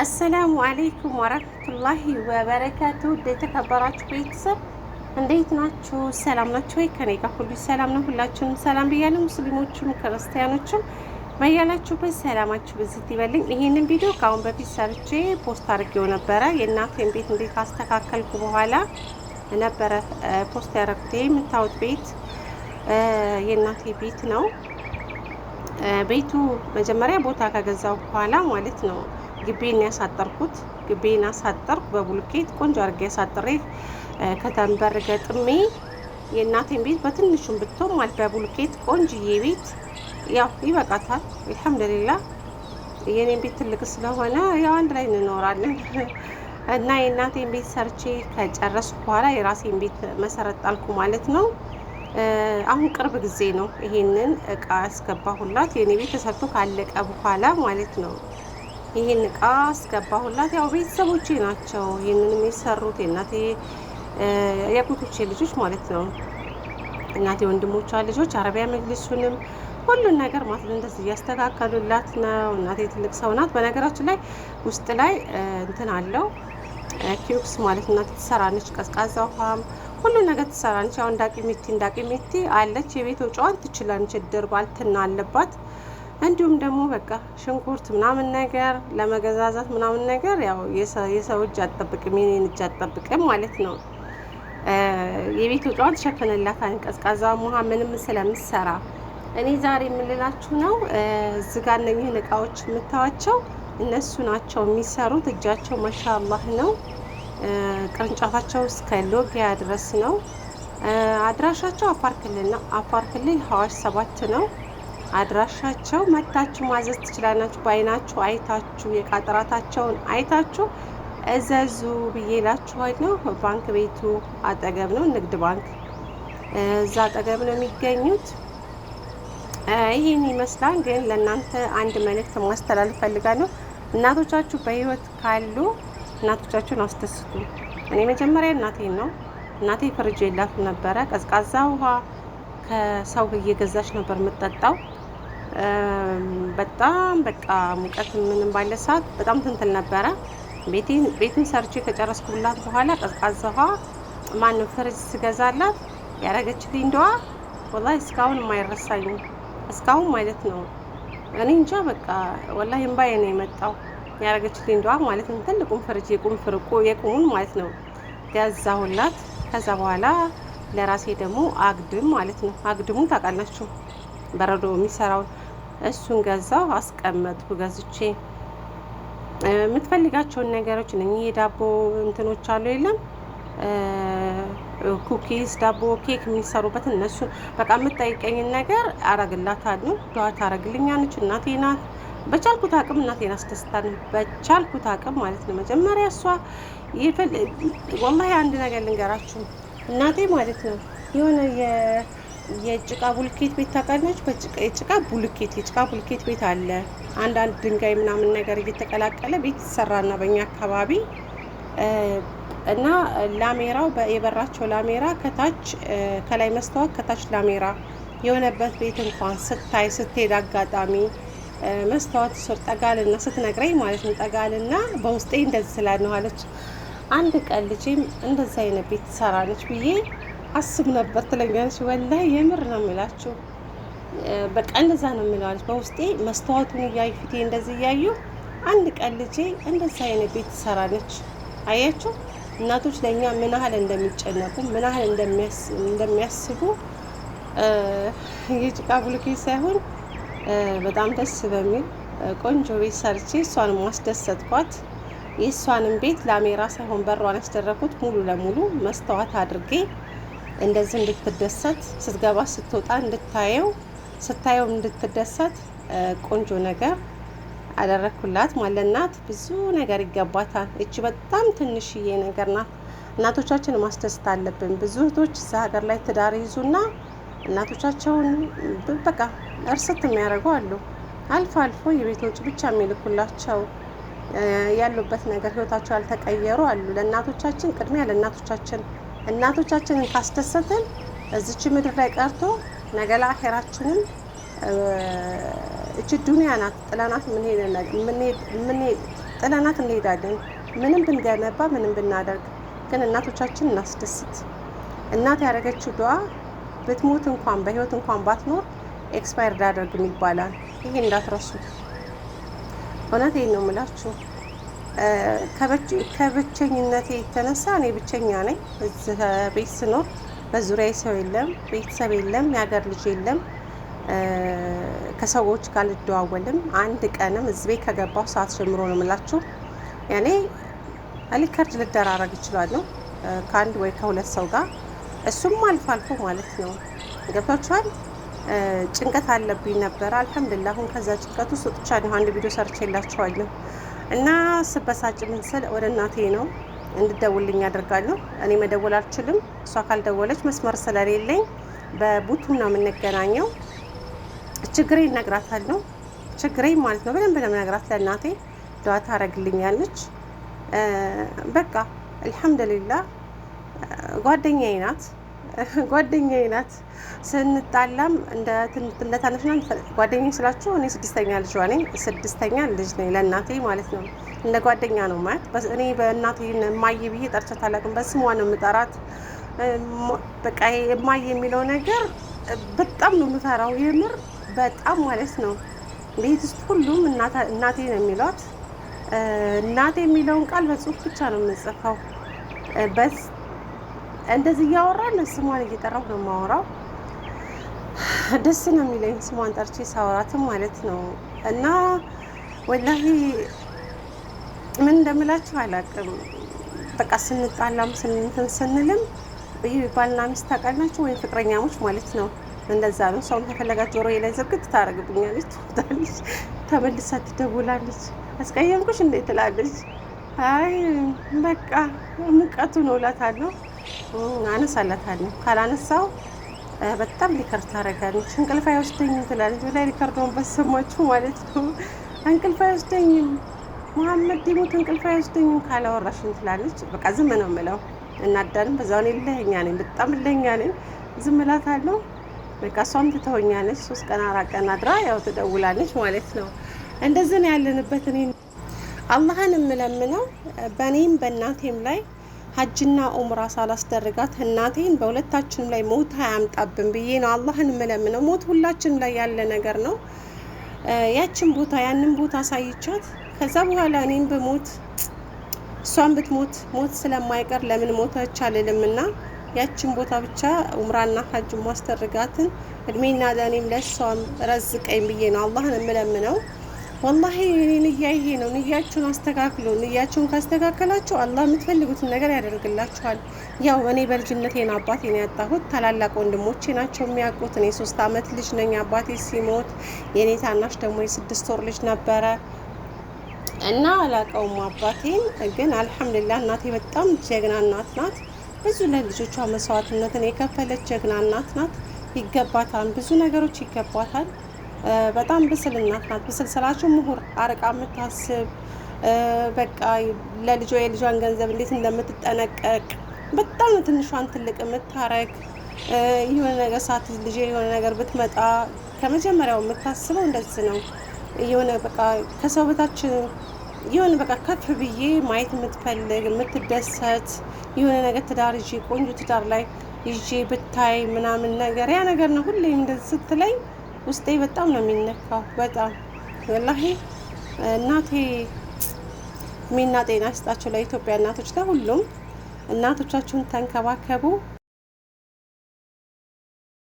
አሰላሙ አሌይኩም ወረህመቱላሂ ወበረካቱ። የተከበራችሁ ቤተሰብ እንዴት ናችሁ? ሰላም ናችሁ ወይ? ከኔ ጋር ሁሉ ሰላም ነው። ሁላችሁንም ሰላም ብያለሁ። ሙስሊሞችም ክርስቲያኖችም በያላችሁበት ሰላማችሁ ብዝት ይበልኝ። ይህንን ቪዲዮ ከአሁን በፊት ሰርቼ ፖስት አድርጌው ነበረ። የእናቴን ቤት እንዴት ካስተካከልኩ በኋላ ነበረ ፖስት ያደረኩት። የምታዩት ቤት የእናቴ ቤት ነው። ቤቱ መጀመሪያ ቦታ ከገዛው በኋላ ማለት ነው ግቢን ያሳጠርኩት። ግቢን አሳጠርኩ በቡልኬት ቆንጆ አድርጌ ያሳጥሬ ከተንበር ገጥሜ የእናቴን ቤት በትንሹም ብትሆን ማለት በቡልኬት ቆንጅዬ ቤት ያው ይበቃታል። አልሐምዱሊላ የእኔን ቤት ትልቅ ስለሆነ ያው አንድ ላይ እንኖራለን እና የእናቴን ቤት ሰርቼ ከጨረስኩ በኋላ የራሴን ቤት መሰረት ጣልኩ ማለት ነው። አሁን ቅርብ ጊዜ ነው ይሄንን እቃ ያስገባሁላት የኔ ቤት ተሰርቶ ካለቀ በኋላ ማለት ነው። ይሄን እቃ አስገባሁላት። ያው ቤተሰቦቼ ናቸው ይህንንም የሰሩት የእናቴ የአጎቶቼ ልጆች ማለት ነው። እናቴ ወንድሞቿ ልጆች አረቢያ መግሊሱንም ሁሉን ነገር ማለት እንደዚህ እያስተካከሉላት ነው። እናቴ ትልቅ ሰው ናት። በነገራችን ላይ ውስጥ ላይ እንትን አለው ኪዩክስ ማለት እናቴ ትሰራነች፣ ቀዝቃዛ ውሃም ሁሉ ነገር ትሰራነች። ያው እንዳቂ ሜቲ እንዳቂ ሜቲ አለች። የቤት ወጪዋን ትችላለች። ድር ባልትና አለባት እንዲሁም ደግሞ በቃ ሽንኩርት ምናምን ነገር ለመገዛዛት ምናምን ነገር ያው የሰው እጅ አጠብቅም የኔን እጅ አጠብቅም ማለት ነው። የቤት ወጪዋን ትሸፍንላታል፣ ቀዝቃዛ ውሃ ምንም ስለምሰራ። እኔ ዛሬ የምልላችሁ ነው እዚህ እነኝህን እቃዎች የምታዋቸው እነሱ ናቸው የሚሰሩት። እጃቸው ማሻላህ ነው። ቅርንጫፋቸው እስከ ሎጊያ ድረስ ነው። አድራሻቸው አፋር ክልል ነው። አፋር ክልል ሀዋሽ ሰባት ነው። አድራሻቸው መታችሁ ማዘዝ ትችላላችሁ። በአይናችሁ አይታችሁ የቃጠራታቸውን አይታችሁ እዘዙ ብዬ ላችኋል ነው። ባንክ ቤቱ አጠገብ ነው፣ ንግድ ባንክ እዛ አጠገብ ነው የሚገኙት። ይህን ይመስላል። ግን ለእናንተ አንድ መልእክት ማስተላለፍ ፈልጋለሁ። እናቶቻችሁ በህይወት ካሉ እናቶቻችሁን አስደስቱ። እኔ መጀመሪያ እናቴን ነው። እናቴ ፍርጅ የላትም ነበረ። ቀዝቃዛ ውሃ ከሰው እየገዛች ነበር የምጠጣው። በጣም በቃ ሙቀት ምንም ባለ ሰዓት በጣም ትንትል ነበረ። ቤትን ሰርቼ ከጨረስኩላት በኋላ ቀዝቃዛ ውሃ ማንም ፍሪጅ ስገዛላት ያረገችልኝ እንደዋ ወላሂ እስካሁን የማይረሳኝ እስካሁን ማለት ነው። እኔ እንጃ በቃ ወላሂ እምባዬ ነው የመጣው። ያረገችልኝ እንደዋ ማለት ነው። ትልቁን ፍሪጅ የቁም ፍርቁ የቁሙን ማለት ነው ገዛሁላት። ከዛ በኋላ ለራሴ ደግሞ አግድም ማለት ነው። አግድሙ ታውቃላችሁ በረዶ የሚሰራውን እሱን ገዛው አስቀመጥኩ። ገዝቼ የምትፈልጋቸውን ነገሮች ነ የዳቦ እንትኖች አሉ የለም ኩኪስ፣ ዳቦ፣ ኬክ የሚሰሩበት እነሱን በቃ የምትጠይቀኝን ነገር አረግላታለሁ። ዱዓ ታረግልኛለች። እናቴ ናት። በቻልኩት አቅም እናቴን አስደስታን በቻልኩት አቅም ማለት ነው። መጀመሪያ እሷ ወላሂ አንድ ነገር ልንገራችሁ እናቴ ማለት ነው የሆነ የጭቃ ቡልኬት ቤት ታውቃለች። የጭቃ ቡልኬት የጭቃ ቡልኬት ቤት አለ። አንዳንድ ድንጋይ ምናምን ነገር እየተቀላቀለ ቤት ይሰራና በእኛ አካባቢ እና ላሜራው የበራቸው ላሜራ ከታች ከላይ መስተዋት ከታች ላሜራ የሆነበት ቤት እንኳን ስታይ ስትሄድ አጋጣሚ መስተዋት ስር ጠጋልና ስትነግረኝ ማለት ነው ጠጋልና በውስጤ እንደዚህ ስላነኋለች አንድ ቀን ልጅም እንደዚህ አይነት ቤት ትሰራለች ብዬ አስብ ነበር ትለኛለች። ወላሂ የምር ነው የሚላችሁ። በቃ እንደዛ ነው የሚለዋለች። በውስጤ መስታወቱን እያዩ ፊቴ እንደዚህ እያዩ አንድ ቀን ልጄ እንደዛ አይነት ቤት ትሰራለች። አያችሁ እናቶች ለእኛ ምን ያህል እንደሚጨነቁ ምን ያህል እንደሚያስቡ የጭቃ ብሎኬት ሳይሆን በጣም ደስ በሚል ቆንጆ ቤት ሰርቼ እሷን ማስደሰትኳት። የእሷንም ቤት ላሜራ ሳይሆን በሯን ያስደረኩት ሙሉ ለሙሉ መስተዋት አድርጌ እንደዚህ እንድትደሰት ስትገባ ስትወጣ እንድታየው ስታየው እንድትደሰት ቆንጆ ነገር አደረግኩላት ማለት ናት። ብዙ ነገር ይገባታል። እች በጣም ትንሽዬ ነገር ናት። እናቶቻችን ማስደሰት አለብን። ብዙ እህቶች እዛ ሀገር ላይ ትዳር ይዙና እናቶቻቸውን በቃ እርስት የሚያደርጉ አሉ። አልፎ አልፎ የቤት ውጭ ብቻ የሚልኩላቸው ያሉበት ነገር ህይወታቸው ያልተቀየሩ አሉ። ለእናቶቻችን ቅድሚያ ለእናቶቻችን እናቶቻችንን ካስደሰትን እዚች ምድር ላይ ቀርቶ ነገ ለአኼራችንም እች ዱኒያ ናት፣ ጥለናት ጥለናት እንሄዳለን። ምንም ብንገነባ ምንም ብናደርግ ግን እናቶቻችን እናስደስት። እናት ያደረገችው ዱዓ ብትሞት እንኳን በህይወት እንኳን ባትኖር ኤክስፓየርድ አደርግም ይባላል። ይሄ እንዳትረሱት እውነት ይሄን ነው የምላችሁ። ከብቸኝነቴ የተነሳ እኔ ብቸኛ ነኝ። ቤት ስኖር በዙሪያ ሰው የለም፣ ቤተሰብ የለም፣ የሀገር ልጅ የለም። ከሰዎች ጋር ልደዋወልም አንድ ቀንም እዚህ ቤት ከገባሁ ሰዓት ጀምሮ ነው የምላችሁ። ያኔ አሊከርድ ልደራረግ እችላለሁ ከአንድ ወይ ከሁለት ሰው ጋር እሱም አልፎ አልፎ ማለት ነው። ገብታችኋል። ጭንቀት አለብኝ ነበር። አልሐምዱሊላህ አሁን ከዛ ጭንቀት ውስጥ ወጥቻለሁ። አንድ ቪዲዮ ሰርቼ እና ስበሳጭ ምንስል ወደ እናቴ ነው እንድደውልኝ ያደርጋሉ። እኔ መደወል አልችልም። እሷ ካልደወለች መስመር ስለሌለኝ በቡቱ ነው የምንገናኘው። ችግሬ እነግራታለሁ። ችግሬ ማለት ነው በደንብ ነው ለእናቴ ድዋ ታደርግልኛለች። በቃ አልሐምዱሊላህ ጓደኛዬ ናት። ጓደኛዬ ናት። ስንጣላም ታነሽ ነው ጓደኛዬ ስላችሁ፣ እኔ ስድስተኛ ልጅ ነኝ። ስድስተኛ ልጅ ነኝ ለእናቴ ማለት ነው። እንደ ጓደኛ ነው ማለት እኔ በእናቴ እማዬ ብዬ ጠርቻት አላውቅም። በስሟ ነው የምጠራት። በቃ እማዬ የሚለው ነገር በጣም ነው የምፈራው፣ የምር በጣም ማለት ነው። ቤት ውስጥ ሁሉም እናቴ ነው የሚሏት። እናቴ የሚለውን ቃል በጽሁፍ ብቻ ነው በስ እንደዚህ እያወራን ስሟን እየጠራሁ ነው የማወራው። ደስ ነው የሚለኝ ስሟን ጠርቼ ሳወራትም ማለት ነው። እና ወላሂ ምን እንደምላችሁ አላውቅም። በቃ ስንጣላም ስንትን ስንልም ይህ ባልና ሚስት ታውቃላችሁ ወይም ፍቅረኛሞች ማለት ነው። እንደዛ ነው። ሰውም ተፈለጋት ጆሮ ላይ ዝርግት ታደርግብኛለች ታለች፣ ተመልሳ ትደውላለች። አስቀየምኩሽ እንዴት ትላለች። አይ በቃ ሙቀቱ ነው እላታለሁ። አነሳላታለሁ። ካላነሳው በጣም ሪከርድ ታደርጋለች። እንቅልፍ አይወስደኝም ትላለች። ላይ ሪከርዶን በሰማችሁ ማለት ነው። እንቅልፍ አይወስደኝም መሐመድ ዲሙት እንቅልፍ አይወስደኝም ካላወራሽን ትላለች። በቃ ዝም ነው የምለው። እናዳንም በዛው እኔ እልኸኛ ነኝ፣ በጣም እልኸኛ ነኝ። ዝም እላታለሁ። በቃ እሷም ትተወኛለች። ሶስት ቀን አራት ቀን አድራ ያው ትደውላለች ማለት ነው። እንደዚህ ነው ያለንበት። እኔ አላህን የምለምነው በእኔም በእናቴም ላይ ሀጅና ኡምራ ሳላስደርጋት እናቴን በሁለታችንም ላይ ሞት አያምጣብን ብዬ ነው አላህን ምለምነው። ሞት ሁላችንም ላይ ያለ ነገር ነው። ያችን ቦታ ያንን ቦታ አሳይቻት ከዛ በኋላ እኔም በሞት እሷን ብትሞት ሞት ስለማይቀር ለምን ሞተች አልልም እና ያችን ቦታ ብቻ ኡምራና ሀጅ ማስደርጋትን እድሜና ለእኔም ለእሷም ረዝቀኝ ብዬ ነው አላህን ምለምነው። ወላሂ እኔ ንያ ይሄ ነው። ንያችሁን አስተካክሉ። ንያችሁን ካስተካከላችሁ አላህ የምትፈልጉትን ነገር ያደርግላችኋል። ያው እኔ በልጅነት ና አባቴ ያጣሁት። ታላላቅ ወንድሞቼ ናቸው የሚያውቁት። እኔ ሶስት አመት ልጅ ነኝ አባቴ ሲሞት። የእኔ ታናሽ ደግሞ የስድስት ወር ልጅ ነበረ እና አላቀውም አባቴን። ግን አልሐምዱሊላህ እናቴ በጣም ጀግና እናት ናት። ብዙ ለልጆቿ መስዋዕትነትን የከፈለች ጀግና እናት ናት። ይገባታል፣ ብዙ ነገሮች ይገባታል። በጣም ብስል እናት ናት። ብስል ስላችሁ ምሁር፣ አርቃ የምታስብ በቃ ለልጇ የልጇን ገንዘብ እንዴት እንደምትጠነቀቅ በጣም ትንሿን ትልቅ የምታረግ የሆነ ነገር ሳት ልጅ የሆነ ነገር ብትመጣ ከመጀመሪያው የምታስበው እንደዚህ ነው። የሆነ በቃ ከሰው በታች የሆነ በቃ ከፍ ብዬ ማየት የምትፈልግ የምትደሰት የሆነ ነገር ትዳር ይዤ ቆንጆ ትዳር ላይ ይዤ ብታይ ምናምን ነገር ያ ነገር ነው ሁሌም እንደዚህ ስትለኝ ውስጤ በጣም ነው የሚነካው። በጣም ወላሂ እናቴ ሚና ጤና ይስጣቸው ለኢትዮጵያ እናቶች ለሁሉም እናቶቻችሁን ተንከባከቡ።